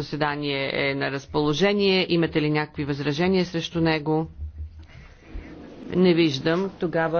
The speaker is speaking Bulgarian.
заседание е на разположение. Имате ли някакви възражения срещу него? Не виждам. Тогава